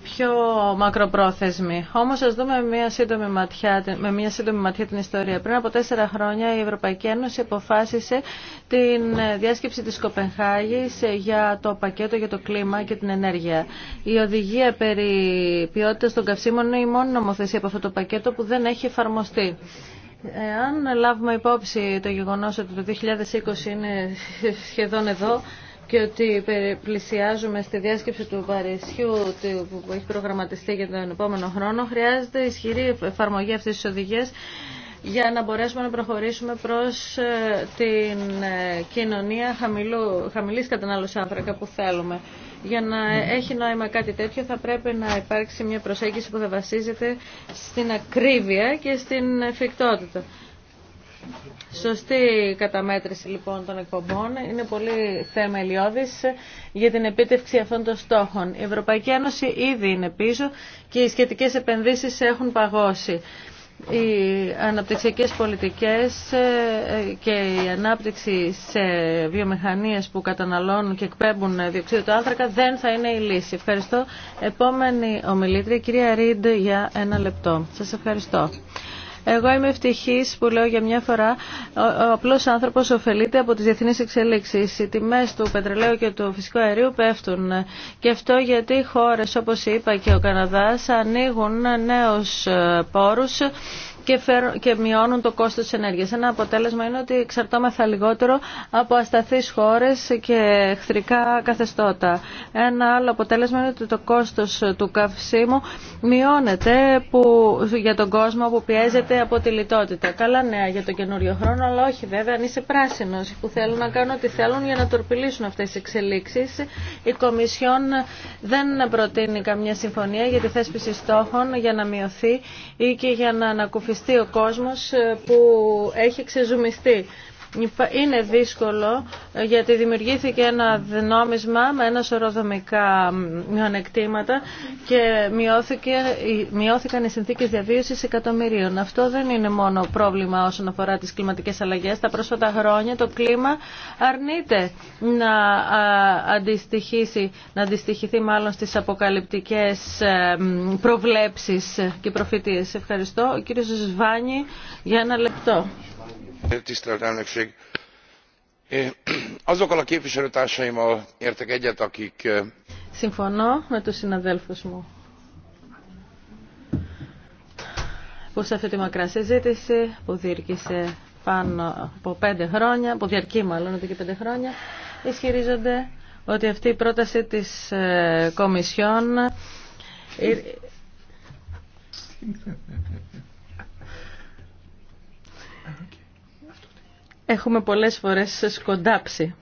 πιο μακροπρόθεσμη. Όμως ας δούμε μια σύντομη ματιά, με μια σύντομη ματιά την ιστορία. Πριν από τέσσερα χρόνια η Ευρωπαϊκή Ένωση αποφάσισε την ε, διάσκεψη της Κοπενχάγης ε, για το πακέτο για το κλίμα και την ενέργεια. Η οδηγία περί ποιότητας των καυσίμων είναι η μόνη νομοθεσία από αυτό το πακέτο που δεν έχει εφαρμοστεί. Αν λάβουμε υπόψη το γεγονός ότι το 2020 είναι σχεδόν εδώ και ότι πλησιάζουμε στη διάσκεψη του Παρισιού που έχει προγραμματιστεί για τον επόμενο χρόνο, χρειάζεται ισχυρή εφαρμογή αυτής της οδηγίας για να μπορέσουμε να προχωρήσουμε προς ε, την ε, κοινωνία χαμηλού, χαμηλής κατανάλωσης άνθρακα που θέλουμε. Για να έχει νόημα κάτι τέτοιο θα πρέπει να υπάρξει μια προσέγγιση που θα βασίζεται στην ακρίβεια και στην εφικτότητα. Σωστή καταμέτρηση λοιπόν των εκπομπών είναι πολύ θεμελιώδης για την επίτευξη αυτών των στόχων. Η Ευρωπαϊκή Ένωση ήδη είναι πίσω και οι σχετικές επενδύσεις έχουν παγώσει οι αναπτυξιακές πολιτικές ε, και η ανάπτυξη σε βιομηχανίες που καταναλώνουν και εκπέμπουν διοξείδιο του άνθρακα δεν θα είναι η λύση. Ευχαριστώ. Επόμενη ομιλήτρια, κυρία Ρίντ, για ένα λεπτό. Σας ευχαριστώ. Εγώ είμαι ευτυχή που λέω για μια φορά ο απλό άνθρωπος ωφελείται από τις διεθνείς εξελίξει. Οι τιμέ του πετρελαίου και του φυσικού αερίου πέφτουν. Και αυτό γιατί χώρε, όπως είπα και ο Καναδάς ανοίγουν νέου ε, πόρους και μειώνουν το κόστος της ενέργειας. Ένα αποτέλεσμα είναι ότι εξαρτώμεθα λιγότερο από ασταθείς χώρες και εχθρικά καθεστώτα. Ένα άλλο αποτέλεσμα είναι ότι το κόστος του καυσίμου μειώνεται που, για τον κόσμο που πιέζεται από τη λιτότητα. Καλά νέα για τον καινούριο χρόνο, αλλά όχι βέβαια αν είσαι πράσινος που θέλουν να κάνουν ό,τι θέλουν για να τορπιλήσουν αυτές τις εξελίξεις. Η Κομισιόν δεν προτείνει καμιά συμφωνία για τη θέσπιση στόχων για να μειωθεί ή και για να ψηφιστεί ο κόσμος ε, που έχει ξεζουμιστεί. Είναι δύσκολο ε, γιατί δημιουργήθηκε ένα νόμισμα με ένα σωρό δομικά μειονεκτήματα και μειώθηκε, μειώθηκαν οι συνθήκε διαβίωση εκατομμυρίων. Αυτό δεν είναι μόνο πρόβλημα όσον αφορά τις κλιματικές αλλαγέ. Τα πρόσφατα χρόνια το κλίμα αρνείται να αντιστοιχήσει, να αντιστοιχηθεί μάλλον στις αποκαλυπτικές ε, προβλέψεις και προφητείες. Ευχαριστώ. Ο κύριο Σβάνη για ένα λεπτό. Συμφωνώ με τους συναδέλφους μου που σε αυτή τη μακρά συζήτηση που διερκεί πάνω από πέντε χρόνια, που διαρκεί μάλλον ότι και πέντε χρόνια, ισχυρίζονται ότι αυτή η πρόταση της ε, Κομισιόν έχουμε πολλές φορές σκοντάψει.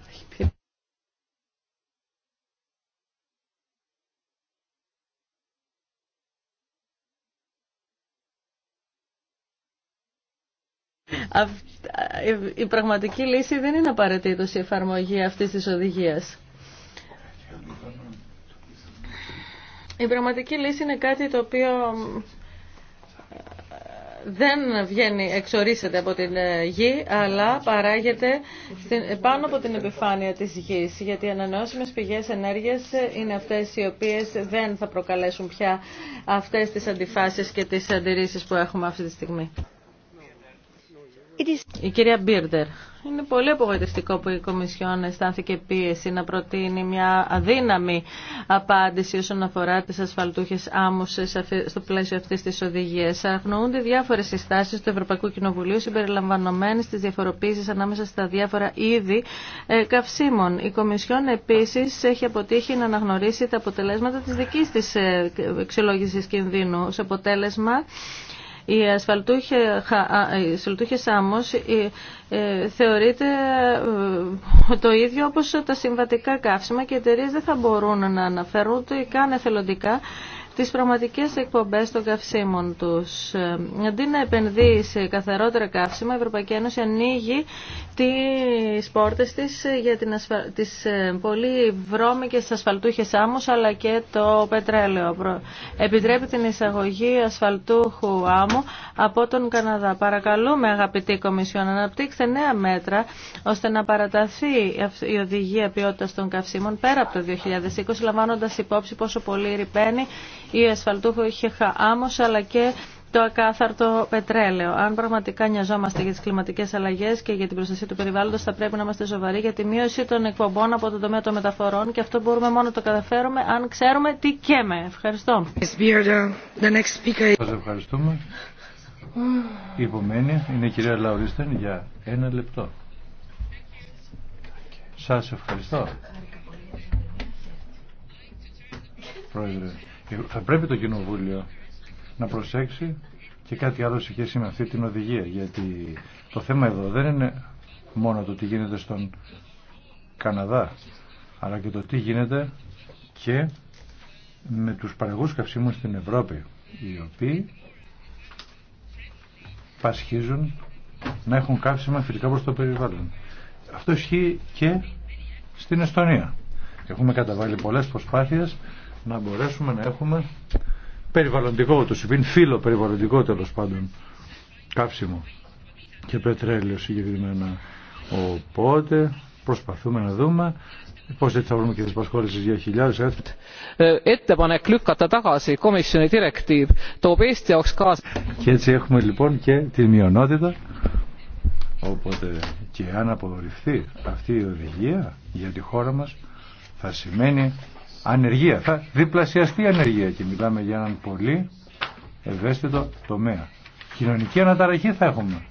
Η πραγματική λύση δεν είναι απαραίτητο η εφαρμογή αυτής της οδηγίας. Η πραγματική λύση είναι κάτι το οποίο δεν βγαίνει, εξορίσεται από την ε, γη, αλλά παράγεται πάνω από την επιφάνεια της γης. Γιατί οι ανανεώσιμες πηγές ενέργειας είναι αυτές οι οποίες δεν θα προκαλέσουν πια αυτές τις αντιφάσεις και τις αντιρρήσεις που έχουμε αυτή τη στιγμή. Η κυρία Μπίρντερ, είναι πολύ απογοητευτικό που η Κομισιόν αισθάνθηκε πίεση να προτείνει μια αδύναμη απάντηση όσον αφορά τι ασφαλτούχε άμμουσε στο πλαίσιο αυτή τη οδηγία. Αγνοούνται διάφορε συστάσει του Ευρωπαϊκού Κοινοβουλίου συμπεριλαμβανομένε τη διαφοροποίηση ανάμεσα στα διάφορα είδη ε, καυσίμων. Η Κομισιόν επίση έχει αποτύχει να αναγνωρίσει τα αποτελέσματα τη δική τη ε, εξολόγηση κινδύνου. σε αποτέλεσμα, οι ασφαλτούχες άμμος ε, θεωρείται ε, το ίδιο όπως τα συμβατικά καύσιμα και οι εταιρείε δεν θα μπορούν να αναφέρουν ούτε καν εθελοντικά τις πραγματικές εκπομπές των καυσίμων τους. Ε, αντί να επενδύει σε καθαρότερα καύσιμα, η Ευρωπαϊκή Ένωση ανοίγει τι πόρτες της για την τις ε, πολύ βρώμικες ασφαλτούχες άμμους αλλά και το πετρέλαιο. Επιτρέπει την εισαγωγή ασφαλτούχου άμμου από τον Καναδά. Παρακαλούμε αγαπητή Κομισιόν να αναπτύξετε νέα μέτρα ώστε να παραταθεί η οδηγία ποιότητας των καυσίμων πέρα από το 2020 λαμβάνοντας υπόψη πόσο πολύ ρηπαίνει η ασφαλτούχο είχε άμμος αλλά και το ακάθαρτο πετρέλαιο. Αν πραγματικά νοιαζόμαστε για τι κλιματικέ αλλαγέ και για την προστασία του περιβάλλοντο, θα πρέπει να είμαστε σοβαροί για τη μείωση των εκπομπών από τον τομέα των μεταφορών και αυτό μπορούμε μόνο να το καταφέρουμε αν ξέρουμε τι καίμε. Ευχαριστώ. Σα ευχαριστούμε. Η επομένη είναι η κυρία Λαουρίστεν για ένα λεπτό. Σας ευχαριστώ. Πρόεδρε, θα πρέπει το Κοινοβούλιο να προσέξει και κάτι άλλο σε σχέση με αυτή την οδηγία. Γιατί το θέμα εδώ δεν είναι μόνο το τι γίνεται στον Καναδά, αλλά και το τι γίνεται και με τους παραγούς καυσίμων στην Ευρώπη, οι οποίοι πασχίζουν να έχουν καύσιμα φιλικά προς το περιβάλλον. Αυτό ισχύει και στην Εστονία. Έχουμε καταβάλει πολλές προσπάθειες να μπορέσουμε να έχουμε περιβαλλοντικό το συμπίν, φύλλο περιβαλλοντικό τέλο πάντων καύσιμο και πετρέλαιο συγκεκριμένα. Οπότε προσπαθούμε να δούμε πώς έτσι θα βρούμε και τις πασχόλησεις για χιλιάδες Έτσι ε, Και έτσι έχουμε λοιπόν και τη μειονότητα. Οπότε και αν αποδορυφθεί αυτή η οδηγία για τη χώρα μας θα σημαίνει ανεργία. Θα διπλασιαστεί η ανεργία και μιλάμε για έναν πολύ ευαίσθητο τομέα. Κοινωνική αναταραχή θα έχουμε.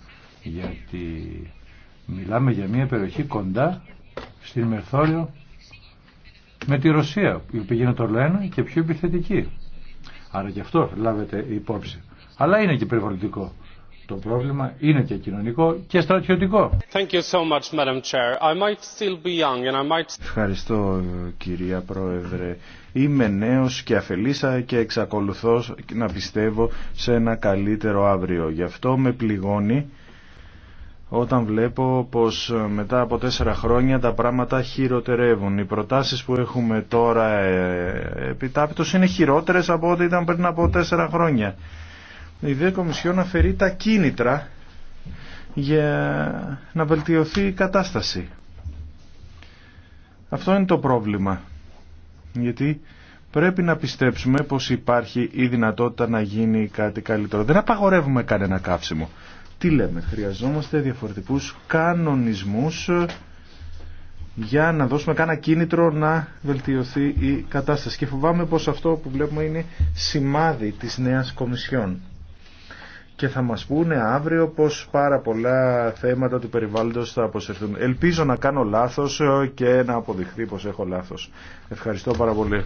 Γιατί μιλάμε για μια περιοχή κοντά στην Μερθόριο με τη Ρωσία, που πηγαίνει το όλο και πιο επιθετική. Άρα και αυτό λάβετε υπόψη. Αλλά είναι και περιβαλλοντικό το πρόβλημα είναι και κοινωνικό και στρατιωτικό. so much, young might... Ευχαριστώ κυρία Πρόεδρε. Είμαι νέος και αφελήσα και εξακολουθώ να πιστεύω σε ένα καλύτερο αύριο. Γι' αυτό με πληγώνει όταν βλέπω πως ε, μετά από τέσσερα χρόνια τα πράγματα χειροτερεύουν. Οι προτάσεις που έχουμε τώρα ε, ε, επιτάπητος είναι χειρότερες από ό,τι ήταν πριν από τέσσερα χρόνια η ΔΕ Κομισιόν αφαιρεί τα κίνητρα για να βελτιωθεί η κατάσταση. Αυτό είναι το πρόβλημα. Γιατί πρέπει να πιστέψουμε πως υπάρχει η δυνατότητα να γίνει κάτι καλύτερο. Δεν απαγορεύουμε κανένα καύσιμο. Τι λέμε, χρειαζόμαστε διαφορετικούς κανονισμούς για να δώσουμε κάνα κίνητρο να βελτιωθεί η κατάσταση. Και φοβάμαι πως αυτό που βλέπουμε είναι σημάδι της νέας Κομισιόν και θα μας πούνε αύριο πως πάρα πολλά θέματα του περιβάλλοντος θα αποσυρθούν. Ελπίζω να κάνω λάθος ε, και να αποδειχθεί πως έχω λάθος. Ευχαριστώ πάρα πολύ.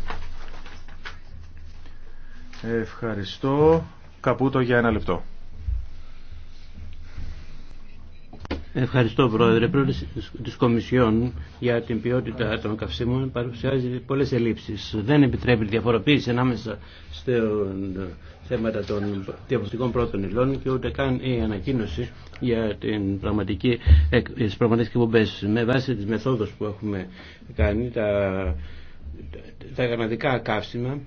Ευχαριστώ. Καπούτο για ένα λεπτό. Ευχαριστώ Πρόεδρε. πρόταση της Κομισιόν για την ποιότητα των καυσίμων παρουσιάζει πολλές ελλείψεις. Δεν επιτρέπει διαφοροποίηση ανάμεσα στα θέματα των διαφορετικών πρώτων υλών και ούτε καν η ανακοίνωση για την πραγματική, τις πραγματικές Με βάση τις μεθόδου που έχουμε κάνει, τα, τα καύσιμα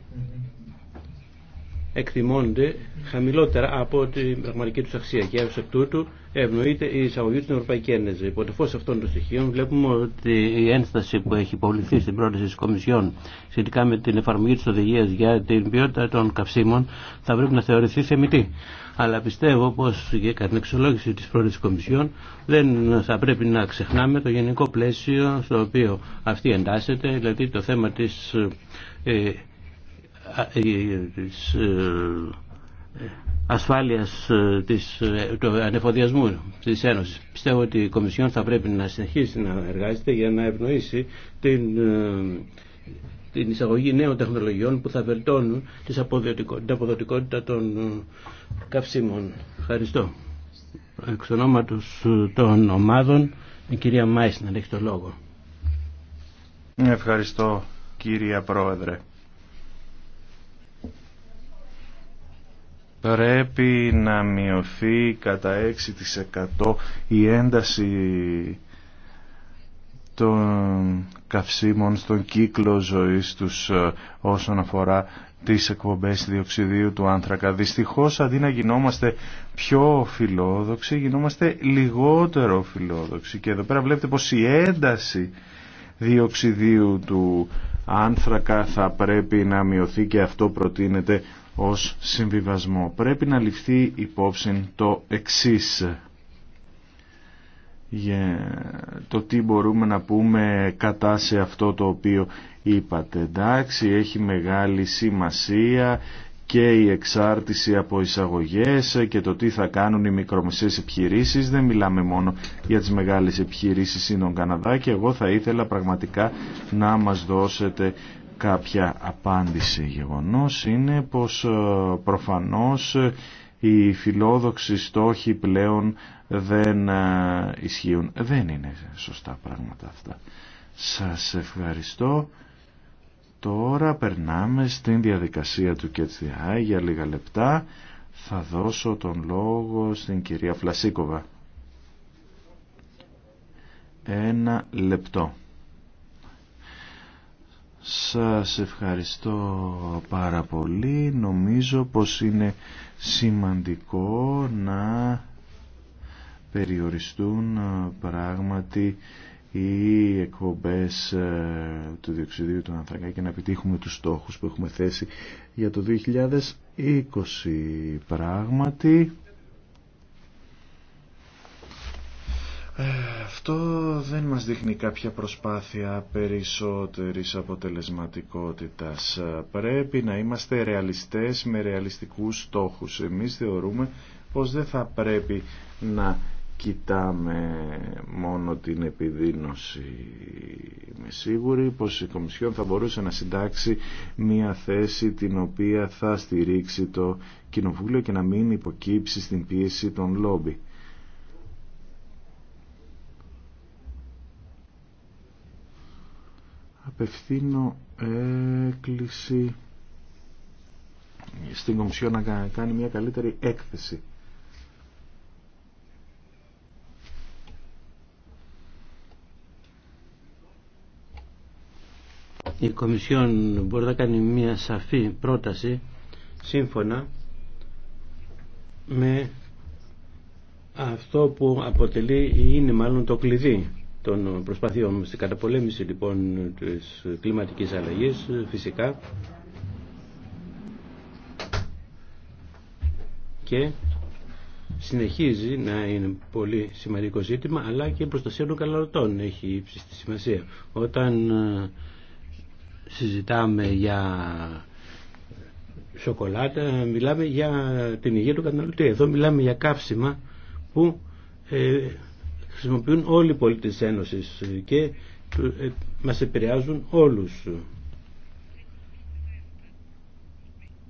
εκτιμώνται χαμηλότερα από την πραγματική τους αξία και εκ τούτου ευνοείται η εισαγωγή στην Ευρωπαϊκή Ένωση. Υπό το φως αυτών των στοιχείων βλέπουμε ότι η ένσταση που έχει υποβληθεί στην πρόταση της Κομισιόν σχετικά με την εφαρμογή της οδηγίας για την ποιότητα των καυσίμων θα πρέπει να θεωρηθεί θεμητή. Αλλά πιστεύω πως για την εξολόγηση της της Κομισιόν δεν θα πρέπει να ξεχνάμε το γενικό πλαίσιο στο οποίο αυτή εντάσσεται, δηλαδή το θέμα της, ε, ε, ε, ε ασφάλειας ε, ε, του ανεφοδιασμού της Ένωσης. Πιστεύω ότι η Κομισιόν θα πρέπει να συνεχίσει να εργάζεται για να ευνοήσει την, ε, την εισαγωγή νέων τεχνολογιών που θα βελτώνουν την αποδοτικότητα των καυσίμων. Ευχαριστώ. Εξ ονόματος των ομάδων, η κυρία Μάισνα έχει το λόγο. Ευχαριστώ κύρια Πρόεδρε. πρέπει να μειωθεί κατά 6% η ένταση των καυσίμων στον κύκλο ζωής τους ε, όσον αφορά τις εκπομπές διοξιδίου του άνθρακα. Δυστυχώς αντί να γινόμαστε πιο φιλόδοξοι, γινόμαστε λιγότερο φιλόδοξοι. Και εδώ πέρα βλέπετε πως η ένταση διοξιδίου του άνθρακα θα πρέπει να μειωθεί και αυτό προτείνεται ως συμβιβασμό. Πρέπει να ληφθεί υπόψη το εξής για το τι μπορούμε να πούμε κατά σε αυτό το οποίο είπατε. Εντάξει, έχει μεγάλη σημασία και η εξάρτηση από εισαγωγές και το τι θα κάνουν οι μικρομεσαίες επιχειρήσεις. Δεν μιλάμε μόνο για τις μεγάλες επιχειρήσεις σύνον Καναδά και εγώ θα ήθελα πραγματικά να μας δώσετε κάποια απάντηση γεγονός είναι πως ε, προφανώς ε, οι φιλόδοξοι στόχοι πλέον δεν ε, ισχύουν. Δεν είναι σωστά πράγματα αυτά. Σας ευχαριστώ. Τώρα περνάμε στην διαδικασία του ΚΕΤΣΔΙΑΗ για λίγα λεπτά. Θα δώσω τον λόγο στην κυρία Φλασίκοβα. Ένα λεπτό. Σας ευχαριστώ πάρα πολύ. Νομίζω πως είναι σημαντικό να περιοριστούν πράγματι οι εκπομπές του διοξιδίου του ανθρακά και να επιτύχουμε τους στόχους που έχουμε θέσει για το 2020 πράγματι Ε, αυτό δεν μας δείχνει κάποια προσπάθεια περισσότερης αποτελεσματικότητας. Πρέπει να είμαστε ρεαλιστές με ρεαλιστικούς στόχους. Εμείς θεωρούμε πως δεν θα πρέπει να κοιτάμε μόνο την επιδείνωση. Είμαι σίγουρη πως η Κομισιόν θα μπορούσε να συντάξει μια θέση την οποία θα στηρίξει το Κοινοβούλιο και να μην υποκύψει στην πίεση των λόμπι. απευθύνω έκκληση στην Κομισιόν να κάνει μια καλύτερη έκθεση. Η Κομισιόν μπορεί να κάνει μια σαφή πρόταση σύμφωνα με αυτό που αποτελεί ή είναι μάλλον το κλειδί των προσπαθειών στην καταπολέμηση λοιπόν της κλιματικής αλλαγής φυσικά και συνεχίζει να είναι πολύ σημαντικό ζήτημα αλλά και η προστασία των καλαρωτών έχει ύψιστη σημασία. Όταν ε, συζητάμε για σοκολάτα μιλάμε για την υγεία του καταναλωτή. Εδώ μιλάμε για καύσιμα που ε, χρησιμοποιούν όλοι οι πολίτες της Ένωσης και ε, μας επηρεάζουν όλους.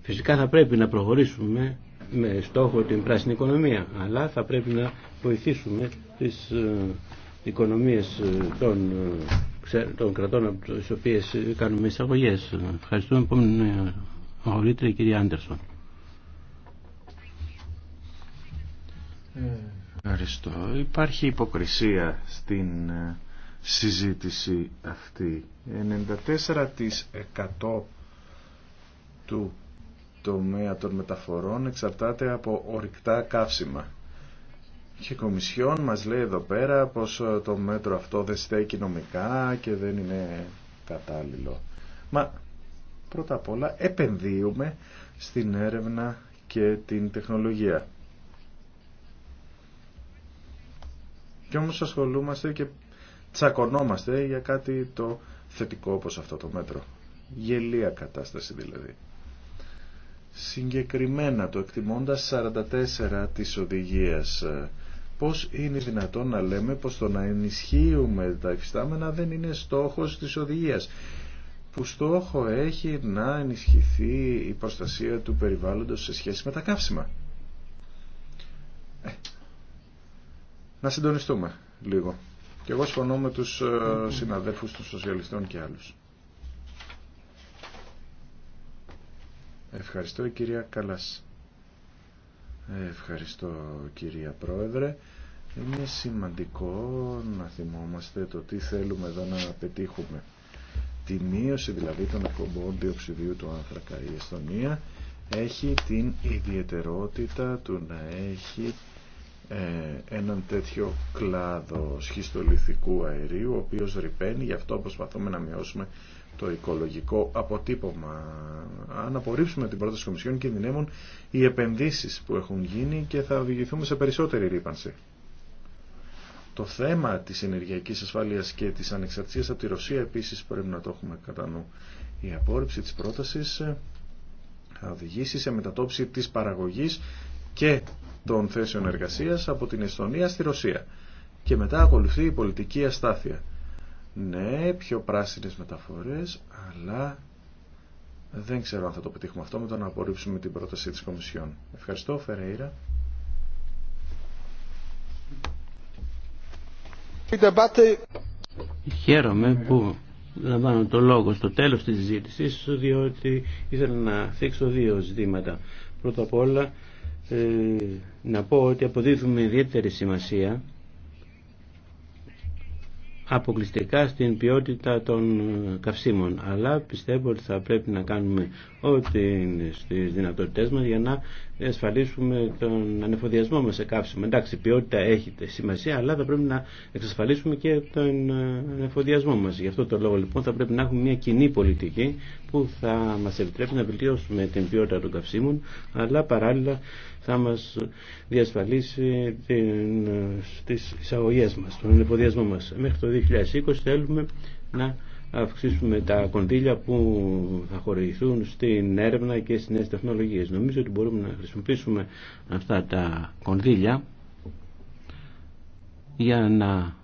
Φυσικά θα πρέπει να προχωρήσουμε με στόχο την πράσινη οικονομία, αλλά θα πρέπει να βοηθήσουμε τις ε, οικονομίες ε, των, των κρατών από τις οποίες κάνουμε εισαγωγές. Ευχαριστούμε επόμενη αγορήτρια κυρία Άντερσον. Ευχαριστώ. Υπάρχει υποκρισία στην ε, συζήτηση αυτή. 94% του τομέα των μεταφορών εξαρτάται από ορυκτά καύσιμα. Και η Κομισιόν μας λέει εδώ πέρα πως ε, το μέτρο αυτό δεν στέκει νομικά και δεν είναι κατάλληλο. Μα πρώτα απ' όλα επενδύουμε στην έρευνα και την τεχνολογία. Και όμως ασχολούμαστε και τσακωνόμαστε για κάτι το θετικό όπως αυτό το μέτρο. Γελία κατάσταση δηλαδή. Συγκεκριμένα το εκτιμώντας 44 της οδηγίας ε, πώς είναι δυνατόν να λέμε πως το να ενισχύουμε τα υφιστάμενα δεν είναι στόχος της οδηγίας που στόχο έχει να ενισχυθεί η προστασία του περιβάλλοντος σε σχέση με τα καύσιμα. να συντονιστούμε λίγο. Και εγώ συμφωνώ με τους ε, συναδέλφους των σοσιαλιστών και άλλους. Ευχαριστώ κυρία Καλάς. Ευχαριστώ κυρία Πρόεδρε. Είναι σημαντικό να θυμόμαστε το τι θέλουμε εδώ να πετύχουμε. Τη μείωση δηλαδή των εκπομπών διοξιδίου του άνθρακα. Η Εστονία έχει την ιδιαιτερότητα του να έχει ε, έναν τέτοιο κλάδο σχιστολιθικού αερίου ο οποίος ρηπαίνει, γι' αυτό προσπαθούμε να μειώσουμε το οικολογικό αποτύπωμα. Αν απορρίψουμε την πρόταση Κομισιόν κινδυνεύουν οι επενδύσεις που έχουν γίνει και θα οδηγηθούμε σε περισσότερη ρήπανση. Το θέμα της ενεργειακής ασφάλειας και της ανεξαρτησίας από τη Ρωσία επίσης πρέπει να το έχουμε κατά νου. Η απόρριψη της πρότασης θα οδηγήσει σε μετατόπιση της παραγωγής και των θέσεων εργασία από την Εστονία στη Ρωσία. Και μετά ακολουθεί η πολιτική αστάθεια. Ναι, πιο πράσινε μεταφορέ, αλλά δεν ξέρω αν θα το πετύχουμε αυτό με το να απορρίψουμε την πρόταση τη Κομισιόν. Ευχαριστώ, Φερέιρα. Χαίρομαι που λαμβάνω το λόγο στο τέλος της συζήτησης διότι ήθελα να θίξω δύο ζητήματα. Πρώτα απ' όλα ε, να πω ότι αποδίδουμε ιδιαίτερη σημασία αποκλειστικά στην ποιότητα των ε, καυσίμων αλλά πιστεύω ότι θα πρέπει να κάνουμε ό,τι είναι στις δυνατότητές μας για να ασφαλίσουμε τον ανεφοδιασμό μας σε καύσιμο εντάξει η ποιότητα έχει σημασία αλλά θα πρέπει να εξασφαλίσουμε και τον ε, ανεφοδιασμό μας γι' αυτό το λόγο λοιπόν θα πρέπει να έχουμε μια κοινή πολιτική που θα μας επιτρέπει να βελτιώσουμε την ποιότητα των καυσίμων αλλά παράλληλα θα μας διασφαλίσει την, τις εισαγωγές μας, τον εμποδιασμό μας. Μέχρι το 2020 θέλουμε να αυξήσουμε τα κονδύλια που θα χορηγηθούν στην έρευνα και στις νέες τεχνολογίες. Νομίζω ότι μπορούμε να χρησιμοποιήσουμε αυτά τα κονδύλια για να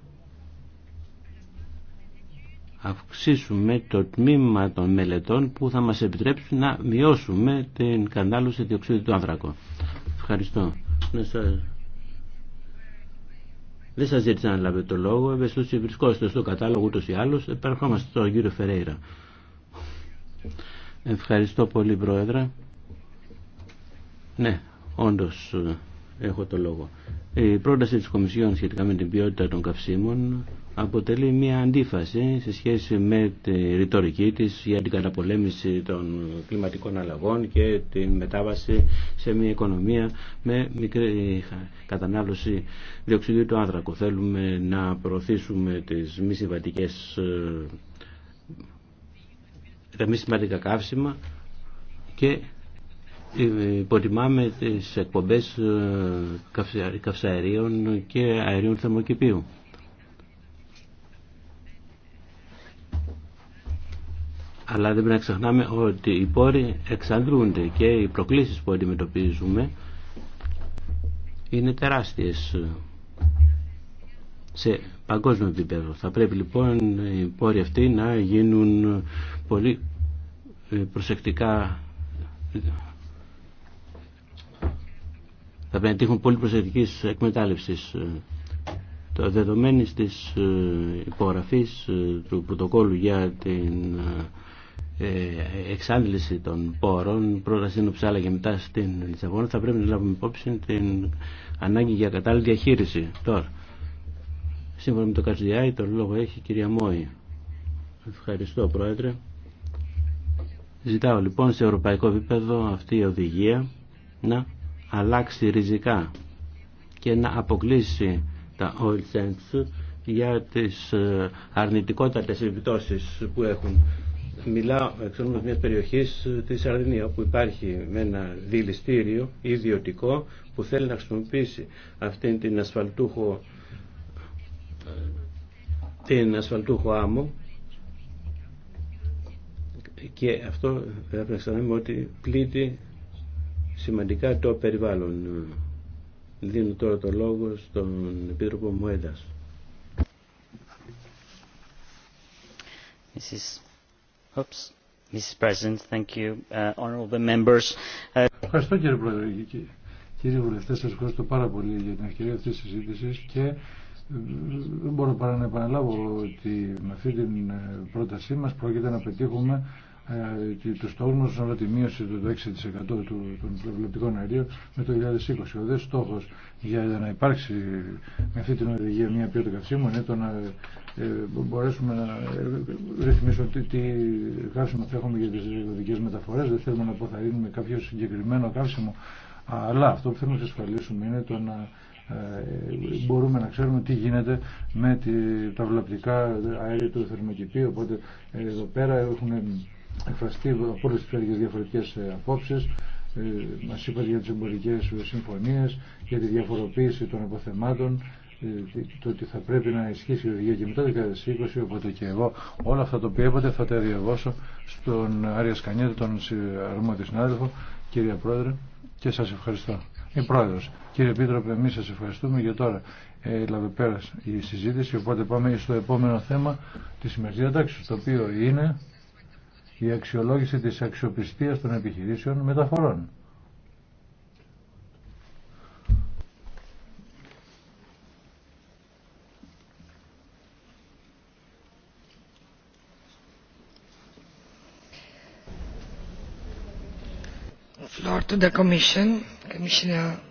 αυξήσουμε το τμήμα των μελετών που θα μας επιτρέψουν να μειώσουμε την κατάλληλη διοξείδη του άνθρακου. Ευχαριστώ. Ναι, Δεν σα ζήτησα να λάβετε το λόγο, ευαισθητούς βρισκόστε στο κατάλογο ούτω ή άλλω. Επερχόμαστε στον κύριο Φερέιρα. Ευχαριστώ πολύ Πρόεδρε. Ναι, όντω. Ε, έχω το λόγο. Ε, η πρόταση της Κομισιόν σχετικά με την ποιότητα των καυσίμων αποτελεί μια αντίφαση σε σχέση με τη ρητορική της για την καταπολέμηση των κλιματικών αλλαγών και την μετάβαση σε μια οικονομία με μικρή κατανάλωση διοξιδίου του άνθρακου. Θέλουμε να προωθήσουμε τις μη συμβατικές ε, τα μη συμβατικά καύσιμα και υποτιμάμε τις εκπομπές ε, καυσαερίων και αερίων θερμοκηπίου. Αλλά δεν πρέπει να ξεχνάμε ότι οι πόροι εξαντλούνται και οι προκλήσεις που αντιμετωπίζουμε είναι τεράστιες σε παγκόσμιο επίπεδο. Θα πρέπει λοιπόν οι πόροι αυτοί να γίνουν πολύ ε, προσεκτικά θα πρέπει να τύχουν πολύ προσεκτική εκμετάλλευση. Ε, το δεδομένη τη ε, υπογραφή ε, του πρωτοκόλου για την εξάντληση των πόρων, πρώτα στην αλλά και μετά στην Λισαβόνα, θα πρέπει να λάβουμε υπόψη την ανάγκη για κατάλληλη διαχείριση. Τώρα, σύμφωνα με το Καρδιάη, τον λόγο έχει η κυρία Μόη. Ευχαριστώ, Πρόεδρε. Ζητάω λοιπόν σε ευρωπαϊκό επίπεδο αυτή η οδηγία να αλλάξει ριζικά και να αποκλείσει τα oil sands για τις ε, αρνητικότατες επιπτώσεις που έχουν. Μιλάω εξ μια μιας περιοχής ε, της Σαρδινία όπου υπάρχει με ένα δηληστήριο ιδιωτικό που θέλει να χρησιμοποιήσει αυτήν την ασφαλτούχο την ασφαλτούχο άμμο και αυτό πρέπει να ότι πλήττει σημαντικά το περιβάλλον. Δίνω τώρα το λόγο στον Επίτροπο Μουέντας. Uh, uh, ευχαριστώ κύριε Πρόεδρε. Κύριοι βουλευτέ, σα ευχαριστώ πάρα πολύ για την ευκαιρία αυτή τη συζήτηση και ε, δεν μπορώ παρά να επαναλάβω ότι με αυτή την ε, πρότασή μας πρόκειται να πετύχουμε ε, του στόχου όσον αφορά τη μείωση του 6% των προβλεπτικών αερίων με το 2020. Ο δε στόχο για να υπάρξει με αυτή την οδηγία μια ποιότητα καυσίμων είναι το να ε, μπορέσουμε να ε, ρυθμίσουμε τι, τι καύσιμο θα έχουμε για τι οδικέ μεταφορέ. Δεν θέλουμε να αποθαρρύνουμε κάποιο συγκεκριμένο καύσιμο. Αλλά αυτό που θέλουμε να εξασφαλίσουμε είναι το να μπορούμε να ξέρουμε τι γίνεται με τα βλαπτικά αέρια του θερμοκηπίου. Οπότε εδώ πέρα έχουν εκφραστεί από όλες τις διαφορετικέ διαφορετικές ε, απόψεις. Ε, μας είπατε για τις εμπορικές ε, συμφωνίες, για τη διαφοροποίηση των αποθεμάτων, το ότι θα πρέπει να ισχύσει η οδηγία και μετά το 2020, οπότε και εγώ όλα αυτά τα οποία είπατε θα τα διαβώσω στον Άρια Σκανιέτα, τον αρμόδιο συνάδελφο, κύριε Πρόεδρε, και σας ευχαριστώ. Η Πρόεδρος, κύριε Πίτροπε, εμείς σας ευχαριστούμε για τώρα. Έλαβε πέρα η συζήτηση, οπότε πάμε στο επόμενο θέμα της σημερινής διατάξης, το οποίο είναι και η αξιολόγηση της αξιοπιστίας των επιχειρήσεων μεταφορών. Floor to the Commission, Commissioner